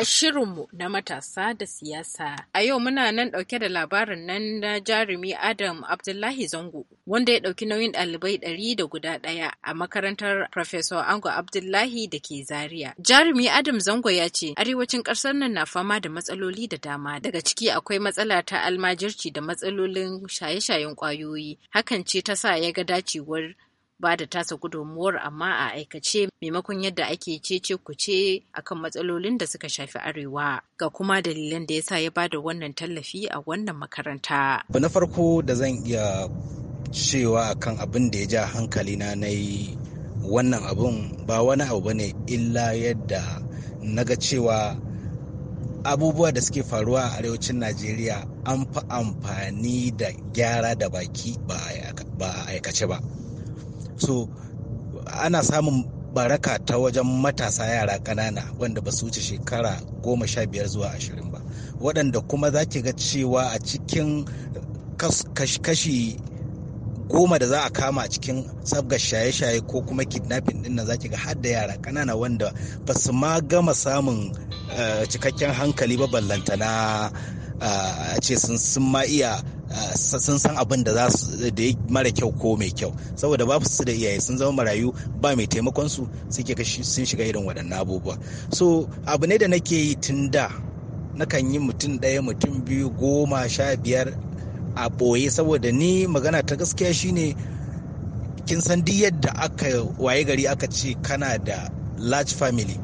a shirinmu na matasa da siyasa. A yau muna nan ɗauke da labarin nan na jarumi Adam Abdullahi Zango, wanda ya ɗauki nauyin ɗalibai ɗari da guda ɗaya a makarantar Professor Ango Abdullahi da ke Zaria. Jarumi Adam Zango ya ce, Arewacin ƙasar nan na fama da matsaloli da dama, daga ciki akwai matsala ta almajirci da matsalolin shaye-shayen ƙwayoyi, hakan ce ta sa ya ga dacewar ba da tasa gudunmuwar amma a aikace maimakon yadda ake cece ce akan matsalolin da suka shafi arewa ga kuma dalilan da yasa ya bada wannan tallafi a wannan makaranta. na farko da zan iya cewa akan abin da ya ja hankali na yi wannan abun ba wani abu bane illa yadda na ga cewa abubuwa da suke faruwa a arewacin najeriya an fi amfani da gyara da baki ba a aikace ba so ana samun baraka ta wajen matasa yara ƙanana wanda ba su wuce shekara goma sha biyar zuwa ashirin ba waɗanda kuma za ki ga cewa a cikin kashi goma da za a kama a cikin sabga shaye-shaye ko kuma kidnapping din nan ki ga har yara kanana wanda ba su ma gama samun eh, cikakken hankali ba ballanta na eh, a ce sun ma iya sun san abin da za su da mara kyau ko mai kyau saboda ba su da iyaye sun zama marayu ba mai taimakon su suke sun shiga irin waɗannan abubuwa so abu ne da nake yi tun da nakan yi mutum ɗaya mutum biyu goma sha biyar a ɓoye saboda ni magana ta gaskiya shine kin san duk yadda aka waye gari aka ce kana da large family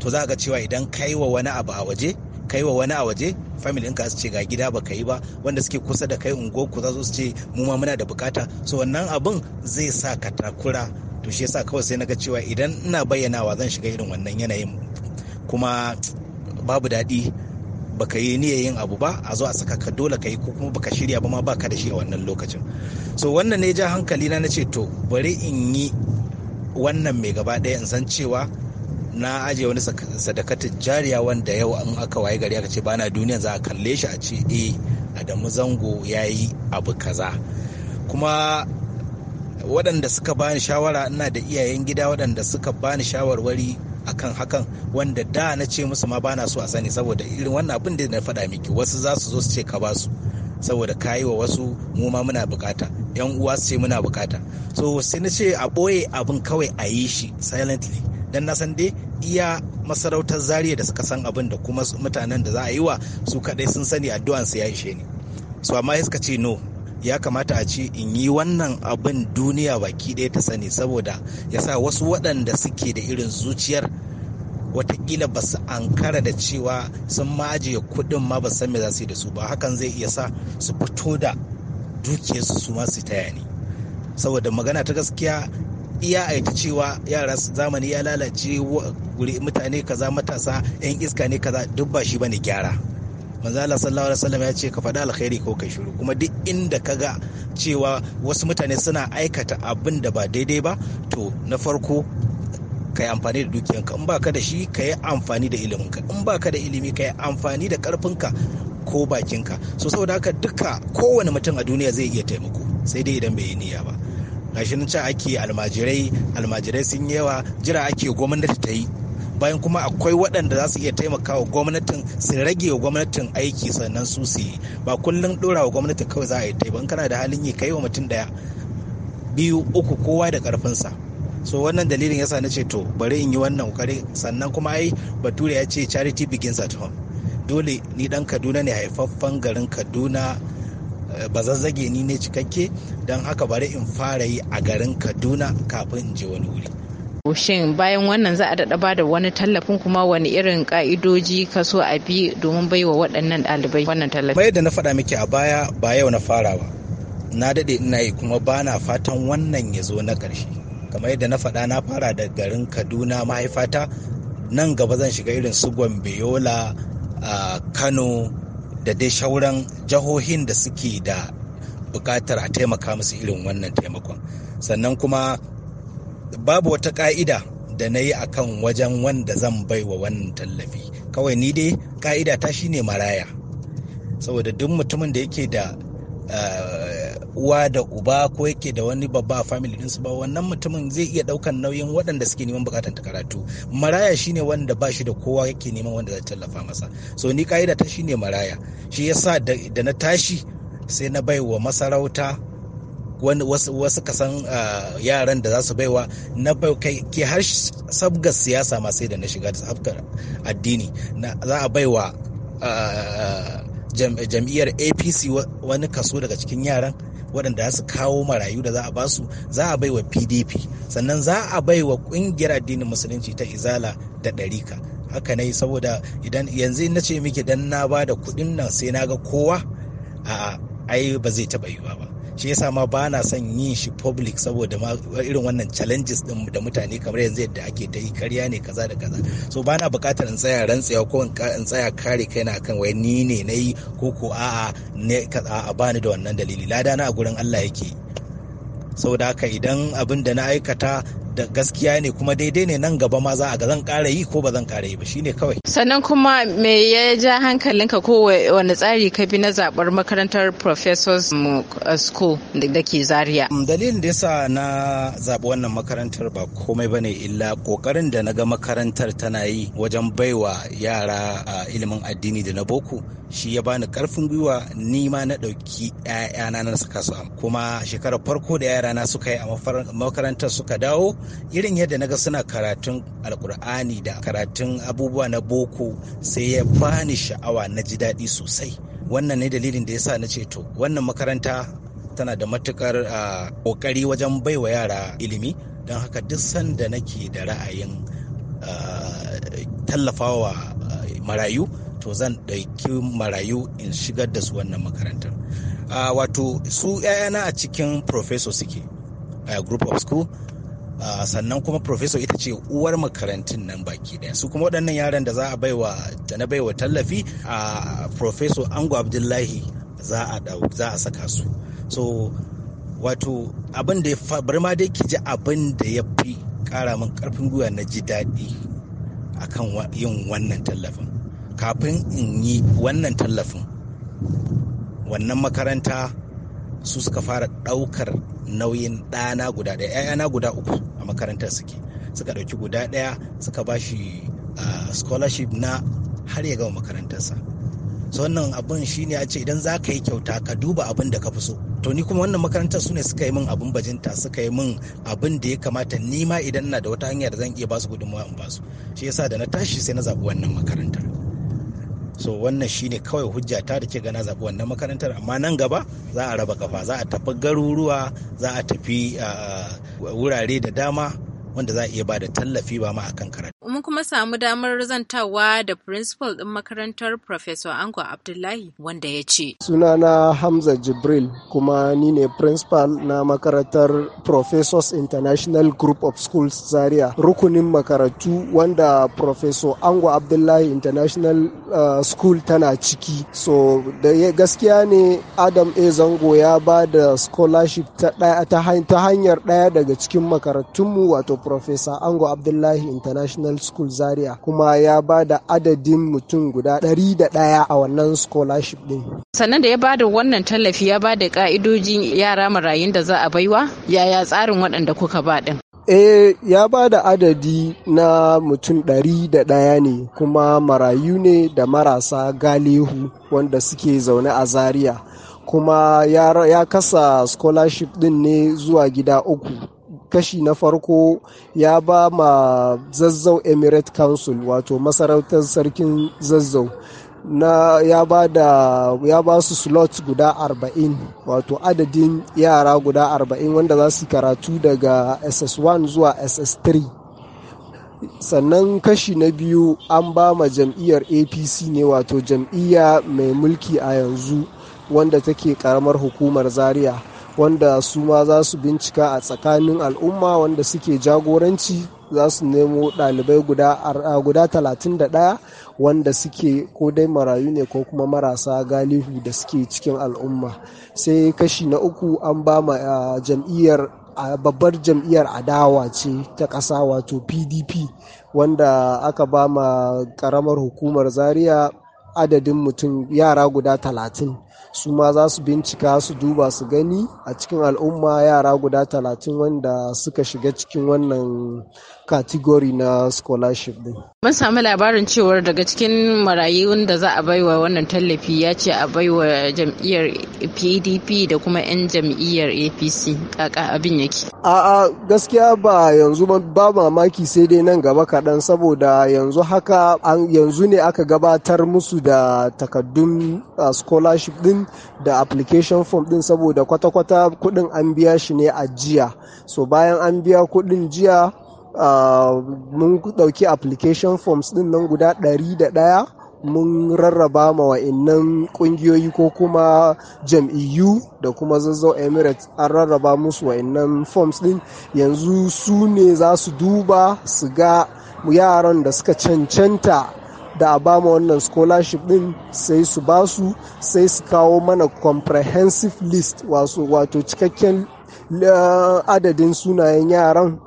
to za ga cewa idan kai wa wani abu a waje yi wa wani a waje family ɗinka su ce ga gida ba yi ba wanda suke kusa da kai unguwar ku za su ce mu ma muna da bukata so wannan abun zai sa ka takura to shi yasa kawai sai naga cewa idan ina bayyanawa zan shiga irin wannan yanayin kuma babu daɗi baka yi niyyar yin abu ba a zo a saka ka dole ka yi ko kuma baka shirya ba ma baka da shi a wannan lokacin so wannan ne ja hankali na ce to bari in yi wannan mai gaba ɗaya in san cewa na ajiye wani sadakatin jariya wanda yau an aka waye gari aka ce bana duniya za a kalle shi a ce e adamu zango ya yi abu kaza kuma waɗanda suka bani shawara ina da iyayen gida waɗanda suka bani shawarwari akan hakan wanda da na ce musu ma bana so a sani saboda irin wannan abin da na faɗa miki wasu za su zo su ce ka ba su saboda ka yi wa wasu mu ma muna bukata yan uwa su ce muna bukata so sai na ce a ɓoye abin kawai a yi shi silently dan na san dai iya masarautar zariya da suka san abin da kuma mutanen da za a yi wa su kaɗai sun sani addu'an su ya ishe ni su amma iska ce no ya kamata a ce in yi wannan abin duniya baki ɗaya ta sani saboda ya sa wasu waɗanda suke da irin zuciyar watakila ba su ankara da cewa sun ajiye kuɗin ma ba san me za su yi da su ba hakan zai iya sa su fito da dukiyarsu su ma su taya ni saboda magana ta gaskiya iya a cewa yara zamani ya lalace guri mutane kaza matasa yan iska ne kaza duk ba shi bane gyara manzala sallallahu alaihi wasallam ya ce ka faɗi alkhairi ko kai shiru kuma duk inda ka ga cewa wasu mutane suna aikata abin da ba daidai ba to na farko ka yi amfani da dukiyanka in baka da shi ka yi amfani da iliminka in baka da ilimi ka yi amfani da karfinka ko bakinka so saboda haka duka kowane mutum a duniya zai iya taimako sai dai idan bai yi niyya ba gashi nan can ake almajirai almajirai sun yawa jira ake gwamnati ta yi bayan kuma akwai waɗanda za su iya taimakawa gwamnatin su rage wa gwamnatin aiki sannan su su yi ba kullum ɗora wa gwamnati kawai za a yi taimakon kana da halin yi kai wa mutum ɗaya. biyu uku kowa da ƙarfinsa so wannan dalilin yasa na ce to bari in yi wannan kokari sannan kuma ai bature ya ce charity begins at home dole ni dan kaduna ne haifaffen garin kaduna Eh, ba zazzage ni ne cikakke don haka bari in fara yi a garin kaduna kafin in je wani wuri shin bayan wannan za a daɗa ba da wani tallafin kuma wani irin ka'idoji ka so a bi domin baiwa waɗannan ɗalibai wannan tallafi bai da na faɗa miki a baya ba yau na fara ba na daɗe ina yi kuma ba na fatan wannan ya zo na ƙarshe kamar yadda na faɗa na fara da garin kaduna mahaifata nan gaba zan shiga irin su gombe yola ah, kano da dai shauran jihohin da suke da bukatar a taimaka musu irin wannan taimakon sannan kuma babu wata ka'ida da na yi akan wajen wanda zan bai wa wannan tallafi kawai ni dai ka'ida ta shine maraya saboda duk mutumin da yake da eh, uwa da uba ko yake da wani babba a family su ba wannan mutumin zai iya ɗaukan nauyin waɗanda suke neman bukatan ta karatu maraya shine wanda ba shi da kowa yake neman wanda zai tallafa masa so ni ka'ida ta shine maraya shi yasa da na tashi sai na baiwa masarauta wasu kasan yaran da za su baiwa na bai ke har sabga siyasa ma sai da na shiga sabgar addini za a baiwa jam'iyyar apc wani kaso daga cikin yaran waɗanda su kawo marayu da za a ba su za a baiwa pdp sannan za a baiwa ƙungiyar addinin musulunci ta izala da ɗarika haka ne saboda idan yanzu na ce miki dan na ba da kuɗin nan sai na ga kowa a ai ba zai taɓa yiwa ba shi yasa ma ba na son yin shi public saboda ma irin wannan challenges din da mutane kamar yanzu yadda ake ta yi karya ne kaza da kaza so ba na bukatar in tsaya rantsewa ko in tsaya kare kai na akan wai ni ne na yi ko ko a'a ne ba ni da wannan dalili lada na a gurin Allah yake saboda haka idan abin da na aikata da gaskiya ne kuma daidai ne nan gaba ma za a ga zan ƙara yi ko ba zan ƙara yi ba shine kawai sannan kuma me ya ja hankalinka ko wani tsari ka bi na zabar makarantar professors uh, school da ke zaria mm, dalilin da yasa na zabi wannan makarantar ba komai ba ne illa kokarin da na ga makarantar tana yi wajen baiwa yara uh, ilimin addini da na boko shi ya bani karfin gwiwa ni ma na ɗauki ƴaƴana na saka su kuma shekarar farko da yara na suka yi a makarantar suka dawo irin yadda naga suna karatun alkur'ani da karatun abubuwa na boko sai ya bani sha'awa na ji daɗi sosai wannan ne dalilin da ya sa na ce to wannan makaranta tana da matukar ƙoƙari wajen baiwa yara ilimi don haka duk sanda nake da ra'ayin tallafawa marayu to zan ɗauki marayu in shigar da su wannan makarantar wato su 'ya'yana a cikin professor suke a group of school Ah, sannan kuma professor ita ce uwar makarantun nan baki daya su kuma waɗannan yaran da za a baiwa da na baiwa tallafi a ah, professor ango abdullahi za a za a saka su so wato abin da ya bari ma dai ki ji abin da ya fi kara min karfin gwiwa na ji daɗi akan yin wannan tallafin kafin in yi wannan tallafin wannan makaranta su suka fara ɗaukar nauyin ɗana guda ɗaya ‘ya'yana guda uku a makarantar suke suka ɗauki guda ɗaya suka ba shi scholarship na har ya gama makarantarsa so wannan abin shine a ce idan za ka yi kyauta ka duba abin da ka fi so to ni kuma wannan makarantar su ne suka yi min abin bajinta suka yi min abin da ya kamata ni ma idan na da wata hanyar zan iya basu gudunmawa in basu shi yasa da na tashi sai na zaɓi wannan makarantar so wannan shine kawai hujja ta da ke gana zaɓi wannan makarantar amma nan gaba za a raba kafa za a tafi garuruwa za a tafi ah, wurare da dama wanda za a iya ba da tallafi ba ma akan karatu Mun kuma samu damar zantawa da principal ɗin makarantar Professor Ango Abdullahi wanda ya ce. Sunana Hamza Jibril kuma ni ne principal na makarantar Professors International Group of Schools Zaria rukunin makarantu wanda Professor Ango Abdullahi International uh, School tana ciki. So da gaskiya ne Adam A. Zango ya ba da scholarship ta, hanyar ɗaya daga cikin makarantunmu wato Professor Ango Abdullahi International Model School Zaria kuma ya ba da adadin mutum guda ɗari da ɗaya a wannan scholarship ɗin. Sannan da ya ba da wannan tallafi ya ba da ƙa'idojin yara marayun da za a baiwa yaya tsarin waɗanda kuka ba ɗin. Eh ya ba da adadi na mutum ɗari da ɗaya ne kuma marayu ne da marasa galihu wanda suke zaune a Zaria. kuma ya, ya kasa scholarship din ne zuwa gida uku kashi na farko ya ba ma zazzau emirate council wato masarautar sarkin zazzau na ya ba da ya ba su slot guda 40 wato adadin yara guda 40 wanda za su karatu daga ss1 zuwa ss3 sannan kashi na biyu an ba ma jam'iyyar apc ne wato jam'iyya mai mulki a yanzu wanda take karamar hukumar zaria wanda su ma za su bincika a tsakanin al'umma wanda suke jagoranci za su nemo ɗalibai guda talatin da ɗaya wanda suke ko dai marayu ne ko kuma marasa galihu da suke cikin al'umma sai kashi na uku an ba ma jam'iyyar babbar jam'iyyar adawa ce ta ƙasa wato pdp wanda aka ba ma ƙaramar hukumar zaria adadin mutum yara guda talatin su ma za su bincika su duba su gani a cikin al'umma yara guda talatin wanda suka shiga cikin wannan katigori na scholarship din. Mun sami labarin cewar daga cikin marayun da za a baiwa wannan tallafi ya ce a baiwa jam'iyyar PDP da kuma 'yan jam'iyyar APC kaka abin yake. A'a gaskiya ba yanzu ba mamaki sai dai nan gaba kaɗan saboda yanzu haka yanzu ne aka gabatar musu da takaddun ah, scholarship din ɗin da application form ɗin saboda kwata-kwata kuɗin an biya shi ne a jiya so bayan an biya kuɗin jiya ah, mun ɗauki application forms ɗin nan guda ɗari da ɗaya mun rarraba ma wa'annan ƙungiyoyi ko kuma jam'iyyu da kuma zazzau emirates an rarraba musu wa'annan forms din yanzu su ne za su duba su ga yaran da suka cancanta da a ba mu wannan scholarship din sai su ba su sai su kawo mana comprehensive list wato cikakken eh, adadin sunayen yaran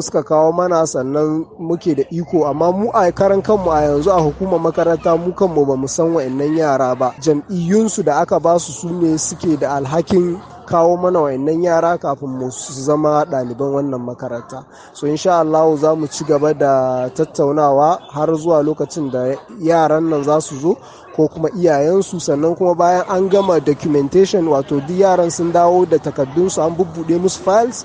suka kawo mana sannan muke da iko amma mu a karan kanmu a yanzu a hukumar makaranta mu kanmu ba mu san wa'annan yara ba jam'iyyunsu da aka ba su ne suke da alhakin kawo mana wa'annan yara kafin mu su zama ɗaliban wannan makaranta so insha Allah za mu ci gaba da tattaunawa har zuwa lokacin da yaran nan za su zo ko kuma iyayensu sannan kuma bayan an gama documentation wato duk yaran sun dawo da takardunsu an bubbuɗe musu files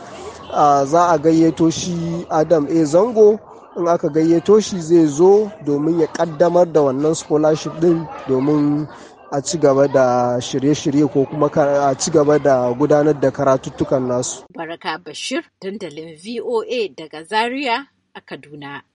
za a gayyato shi adam a zango in aka gayyato shi zai zo domin ya kaddamar da wannan scholarship din domin a ci gaba da shirye-shirye ko kuma a ci gaba da gudanar da karatuttukan nasu. Baraka Bashir, dandalin VOA daga Zaria a Kaduna.